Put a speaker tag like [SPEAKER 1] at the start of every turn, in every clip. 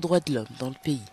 [SPEAKER 1] droits de l'homme dans le pays.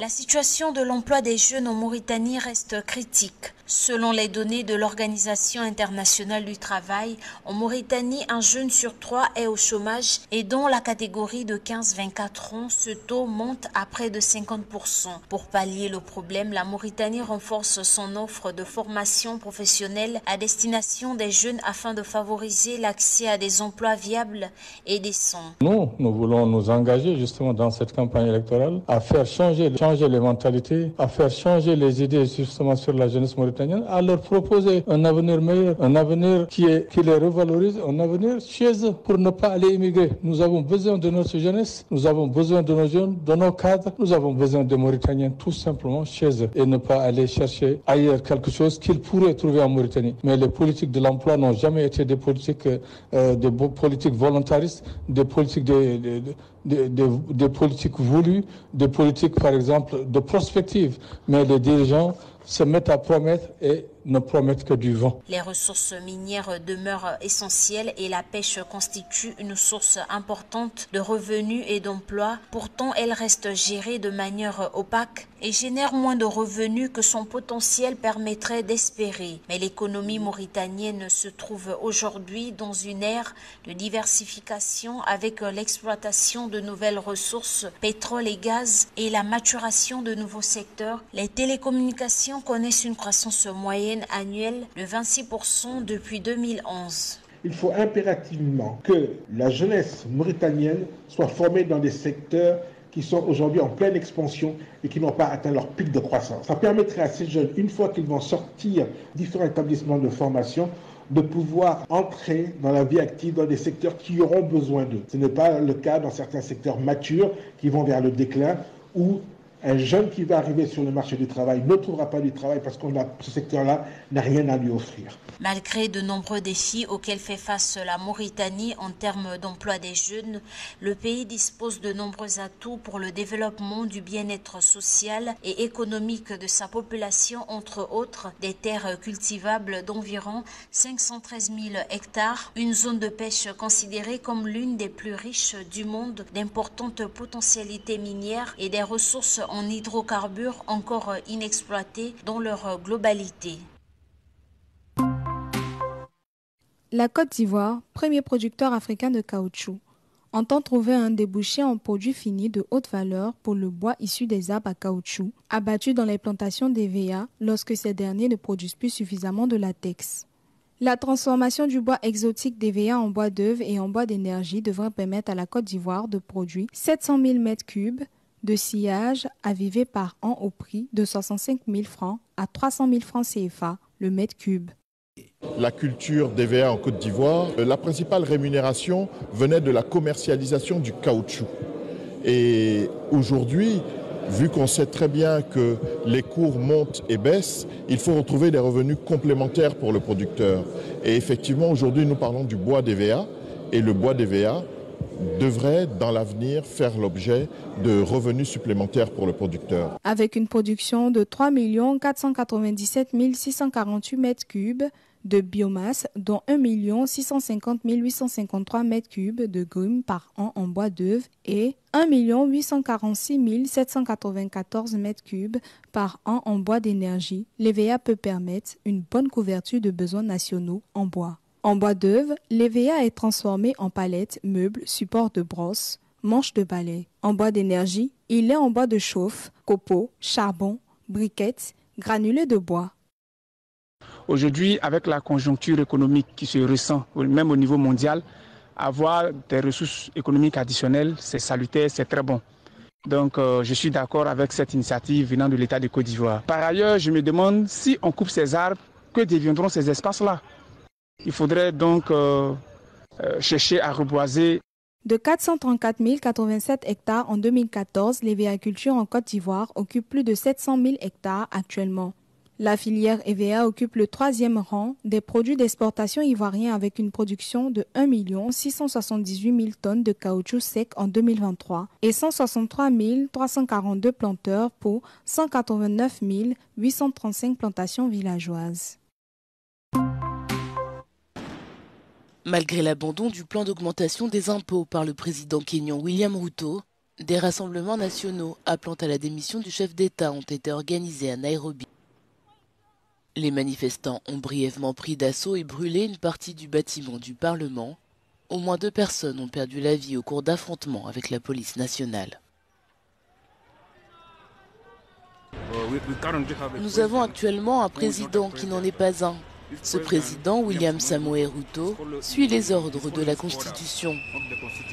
[SPEAKER 2] La situation de l'emploi des jeunes en Mauritanie reste critique. Selon les données de l'Organisation internationale du travail, en Mauritanie, un jeune sur trois est au chômage et dans la catégorie de 15-24 ans, ce taux monte à près de 50%. Pour pallier le problème, la Mauritanie renforce son offre de formation professionnelle à destination des jeunes afin de favoriser l'accès à des emplois viables et décents.
[SPEAKER 3] Nous, nous voulons nous engager justement dans cette campagne électorale à faire changer, changer les mentalités, à faire changer les idées justement sur la jeunesse mauritanienne à leur proposer un avenir meilleur, un avenir qui, est, les revalorise, un avenir chez eux pour ne pas aller immigrer. Nous avons besoin de notre jeunesse, nous avons besoin de nos jeunes, de nos cadres, nous avons besoin des Mauritaniens tout simplement chez eux et ne pas aller chercher ailleurs quelque chose qu'ils pourraient trouver en Mauritanie. Mais les politiques de l'emploi n'ont jamais été des politiques, euh, politiques volontaristes, des politiques des, des politiques voulues, des politiques par exemple de prospective. Mais les dirigeants se mettent à promettre et ne promettent que du vent.
[SPEAKER 2] Les ressources minières demeurent essentielles et la pêche constitue une source importante de revenus et d'emplois. Pourtant, elle reste gérée de manière opaque et génère moins de revenus que son potentiel permettrait d'espérer. Mais l'économie mauritanienne se trouve aujourd'hui dans une ère de diversification avec l'exploitation de nouvelles ressources, pétrole et gaz, et la maturation de nouveaux secteurs. Les télécommunications connaissent une croissance moyenne annuelle de 26% depuis 2011.
[SPEAKER 3] Il faut impérativement que la jeunesse mauritanienne soit formée dans des secteurs qui sont aujourd'hui en pleine expansion et qui n'ont pas atteint leur pic de croissance. Ça permettrait à ces jeunes, une fois qu'ils vont sortir différents établissements de formation, de pouvoir entrer dans la vie active dans des secteurs qui auront besoin d'eux. Ce n'est pas le cas dans certains secteurs matures qui vont vers le déclin ou un jeune qui va arriver sur le marché du travail ne trouvera pas du travail parce que ce secteur-là n'a rien à lui offrir.
[SPEAKER 2] Malgré de nombreux défis auxquels fait face la Mauritanie en termes d'emploi des jeunes, le pays dispose de nombreux atouts pour le développement du bien-être social et économique de sa population, entre autres des terres cultivables d'environ 513 000 hectares, une zone de pêche considérée comme l'une des plus riches du monde, d'importantes potentialités minières et des ressources en hydrocarbures encore euh, inexploités dans leur euh, globalité.
[SPEAKER 4] La Côte d'Ivoire, premier producteur africain de caoutchouc, entend trouver un débouché en produits finis de haute valeur pour le bois issu des arbres à caoutchouc, abattus dans les plantations d'EVA lorsque ces derniers ne produisent plus suffisamment de latex. La transformation du bois exotique d'EVA en bois d'œuvre et en bois d'énergie devrait permettre à la Côte d'Ivoire de produire 700 000 m3 de sillage avivé par an au prix de 65 000 francs à 300 000 francs CFA le mètre cube.
[SPEAKER 3] La culture DVA en Côte d'Ivoire, euh, la principale rémunération venait de la commercialisation du caoutchouc. Et aujourd'hui, vu qu'on sait très bien que les cours montent et baissent, il faut retrouver des revenus complémentaires pour le producteur. Et effectivement, aujourd'hui, nous parlons du bois DVA. Et le bois DVA, devrait dans l'avenir faire l'objet de revenus supplémentaires pour le producteur.
[SPEAKER 4] Avec une production de 3 497 648 mètres cubes de biomasse, dont 1 650 853 mètres cubes de grume par an en bois d'œuvre et 1 846 794 mètres cubes par an en bois d'énergie, l'EVA peut permettre une bonne couverture de besoins nationaux en bois. En bois d'œuvre, l'EVA est transformé en palettes, meubles, supports de brosse, manches de balai. En bois d'énergie, il est en bois de chauffe, copeaux, charbon, briquettes, granulés de bois.
[SPEAKER 3] Aujourd'hui, avec la conjoncture économique qui se ressent, même au niveau mondial, avoir des ressources économiques additionnelles, c'est salutaire, c'est très bon. Donc, euh, je suis d'accord avec cette initiative venant de l'État de Côte d'Ivoire. Par ailleurs, je me demande si on coupe ces arbres, que deviendront ces espaces-là il faudrait donc euh, euh, chercher à reboiser.
[SPEAKER 4] De 434 087 hectares en 2014, véhicultures en Côte d'Ivoire occupent plus de 700 000 hectares actuellement. La filière EVA occupe le troisième rang des produits d'exportation ivoiriens avec une production de 1 678 000 tonnes de caoutchouc sec en 2023 et 163 342 planteurs pour 189 835 plantations villageoises.
[SPEAKER 1] Malgré l'abandon du plan d'augmentation des impôts par le président kényan William Ruto, des rassemblements nationaux appelant à la démission du chef d'État ont été organisés à Nairobi. Les manifestants ont brièvement pris d'assaut et brûlé une partie du bâtiment du Parlement. Au moins deux personnes ont perdu la vie au cours d'affrontements avec la police nationale. Nous avons actuellement un président qui n'en est pas un, ce président, William Samoe Ruto, suit les ordres de la Constitution.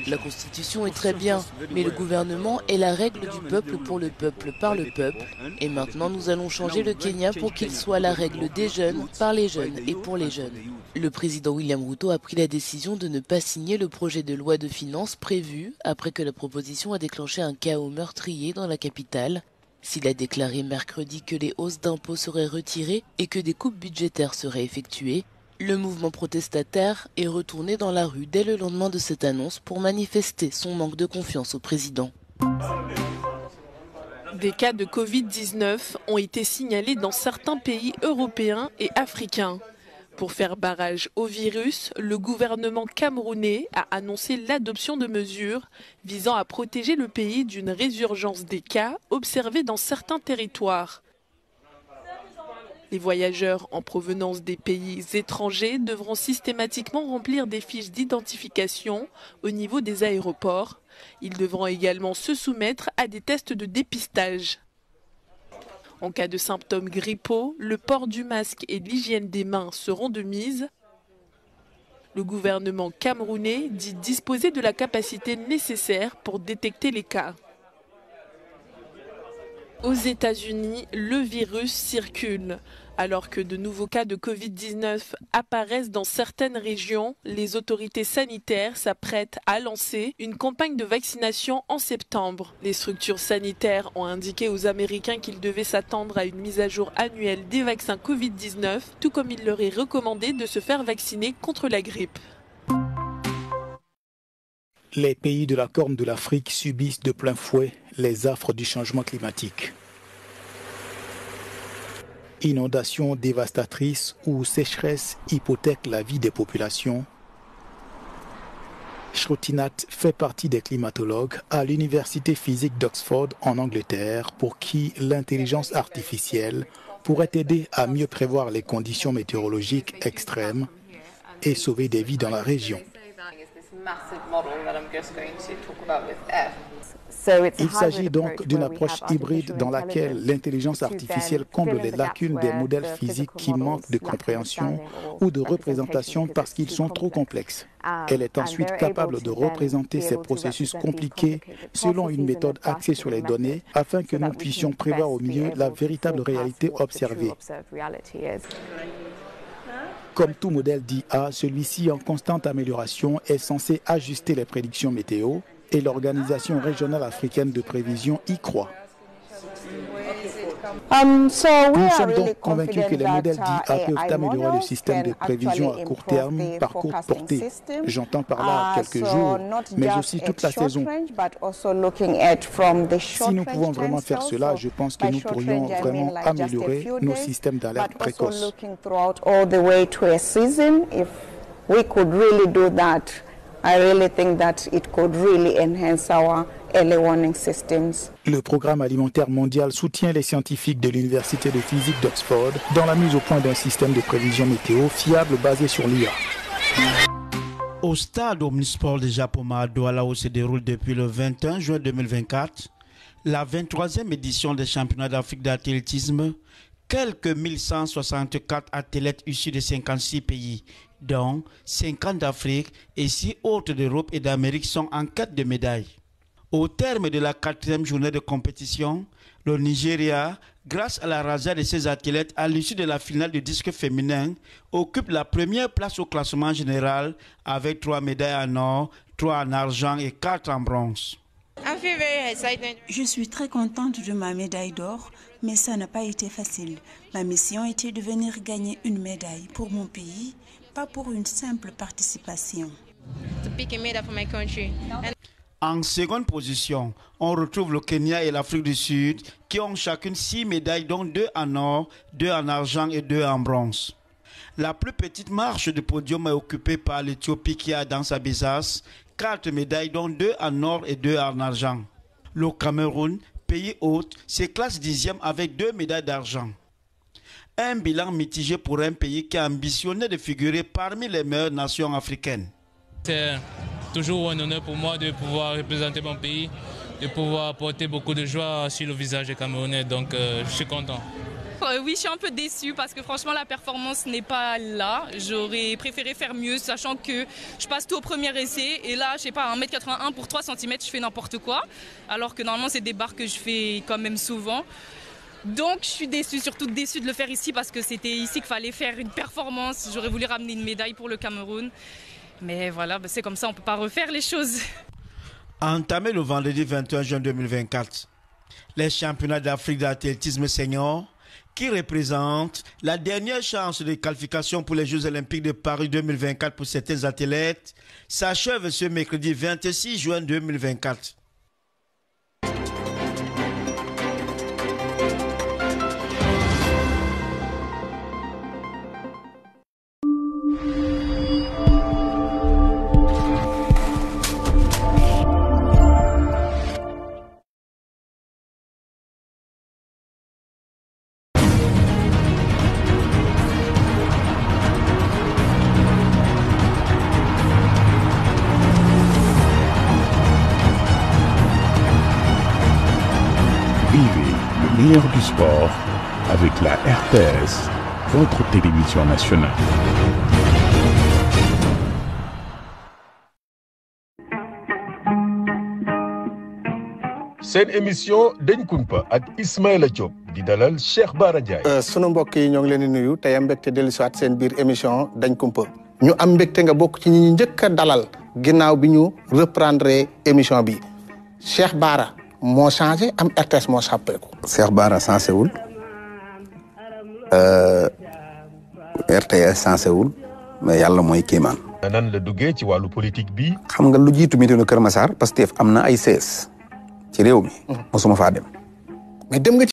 [SPEAKER 1] La Constitution est très bien,
[SPEAKER 2] mais le gouvernement
[SPEAKER 1] est la règle du peuple pour le peuple par le peuple. Et maintenant, nous allons changer le Kenya pour qu'il soit la règle des jeunes, par les jeunes et pour les jeunes. Le président William Ruto a pris la décision de ne pas signer le projet de loi de finances prévu après que la proposition a déclenché un chaos meurtrier dans la capitale s'il a déclaré mercredi que les hausses d'impôts seraient retirées et que des coupes budgétaires seraient effectuées, le mouvement protestataire est retourné dans la rue dès le lendemain de cette annonce pour manifester son manque de confiance au président.
[SPEAKER 5] Des cas de Covid-19 ont été signalés dans certains pays européens et africains. Pour faire barrage au virus, le gouvernement camerounais a annoncé l'adoption de mesures visant à protéger le pays d'une résurgence des cas observés dans certains territoires. Les voyageurs en provenance des pays étrangers devront systématiquement remplir des fiches d'identification au niveau des aéroports. Ils devront également se soumettre à des tests de dépistage. En cas de symptômes grippaux, le port du masque et l'hygiène des mains seront de mise. Le gouvernement camerounais dit disposer de la capacité nécessaire pour détecter les cas. Aux États-Unis, le virus circule. Alors que de nouveaux cas de Covid-19 apparaissent dans certaines régions, les autorités sanitaires s'apprêtent à lancer une campagne de vaccination en septembre. Les structures sanitaires ont indiqué aux Américains qu'ils devaient s'attendre à une mise à jour annuelle des vaccins Covid-19, tout comme il leur est recommandé de se faire vacciner contre la grippe.
[SPEAKER 3] Les pays de la Corne de l'Afrique subissent de plein fouet les affres du changement climatique. Inondations dévastatrices ou sécheresses hypothèquent la vie des populations. Schrotinat fait partie des climatologues à l'Université physique d'Oxford en Angleterre pour qui l'intelligence artificielle pourrait aider à mieux prévoir les conditions météorologiques extrêmes et sauver des vies dans la région. Il s'agit donc d'une approche hybride dans laquelle l'intelligence artificielle comble les lacunes des modèles physiques qui manquent de compréhension ou de représentation parce qu'ils sont trop complexes. Um, Elle est ensuite capable de représenter ces processus compliqués selon une méthode axée sur les données afin que nous puissions prévoir au mieux la véritable réalité observée. Comme tout modèle d'IA, celui-ci en constante amélioration est censé ajuster les prédictions météo et l'Organisation régionale africaine de prévision y croit. Um, nous sommes donc convaincus que les modèles dits peuvent uh, améliorer le système de prévision à court terme par courte portée. J'entends par là uh, quelques jours, mais aussi toute la saison.
[SPEAKER 2] Si nous pouvons vraiment faire
[SPEAKER 3] cela, je pense que nous pourrions vraiment améliorer nos systèmes d'alerte précoce. Le programme alimentaire mondial soutient les scientifiques de l'Université de physique d'Oxford dans la mise au point d'un système de prévision météo fiable basé sur l'IA.
[SPEAKER 6] Au stade omnisport de Japoma, Douala, où se déroule depuis le 21 juin 2024, la 23e édition des championnats d'Afrique d'athlétisme, quelques 1164 athlètes issus de 56 pays, dont 50 d'Afrique et 6 autres d'Europe et d'Amérique, sont en quête de médailles. Au terme de la quatrième journée de compétition, le Nigeria, grâce à la rasade de ses athlètes à l'issue de la finale du disque féminin, occupe la première place au classement général avec trois médailles en or, trois en argent et quatre en bronze.
[SPEAKER 2] Je suis très contente de ma médaille d'or, mais ça n'a pas été
[SPEAKER 4] facile. Ma mission était de venir gagner une médaille pour mon pays, pas pour une
[SPEAKER 2] simple participation.
[SPEAKER 6] En seconde position, on retrouve le Kenya et l'Afrique du Sud qui ont chacune six médailles, dont deux en or, deux en argent et deux en bronze. La plus petite marche du podium est occupée par l'Éthiopie qui a dans sa besace quatre médailles, dont deux en or et deux en argent. Le Cameroun, pays hôte, se classe dixième avec deux médailles d'argent. Un bilan mitigé pour un pays qui a ambitionné de figurer parmi les meilleures nations africaines
[SPEAKER 1] toujours un honneur pour moi de pouvoir représenter mon pays, de pouvoir apporter beaucoup de joie sur le visage des Camerounais. Donc euh, je suis content. Oui, je suis un peu déçue parce que franchement, la performance n'est pas là. J'aurais préféré faire mieux, sachant que je passe tout au premier essai. Et là, je sais pas, 1m81 pour 3 cm, je fais n'importe quoi. Alors que normalement, c'est des barres que je fais quand même souvent. Donc, je suis déçue, surtout déçue de le faire ici parce que c'était ici qu'il fallait faire une performance. J'aurais voulu ramener une médaille pour le Cameroun. Mais voilà, ben, c'est comme ça, on ne peut pas refaire les choses.
[SPEAKER 6] Entamé le vendredi 21 juin 2024, les championnats d'Afrique d'athlétisme senior, qui représentent la dernière chance de qualification pour les Jeux olympiques de Paris 2024 pour certains athlètes, s'achèvent ce mercredi 26 juin 2024.
[SPEAKER 3] Vivez le meilleur du sport avec la RTS, votre télévision nationale. Cette émission dañ avec ak Ismaïla Diop di dalal Cheikh Bara Ndiaye. Euh, sunu
[SPEAKER 6] mbokk yi ñoo ngi leen di nuyu tey am mbégte dellusiwaat seen émission dañ kumpa ñu am mbégte nga bokk ci ñi ñu njëkk dalal ginnaaw bi ñu émission bi Cheikh Bara. moo changé am RTS moo sàppeeku. Cheikh Bara sensé wul euh, RTS sensé wul mais yàlla mooy kéemaan.
[SPEAKER 3] nan la duggee ci wàllu politique bi.
[SPEAKER 6] xam nga lu jiitu mitingu Kër Massar Pastef am na ay sees ci réew mi. Mm. mosuma faa dem.
[SPEAKER 3] mais dem nga ci.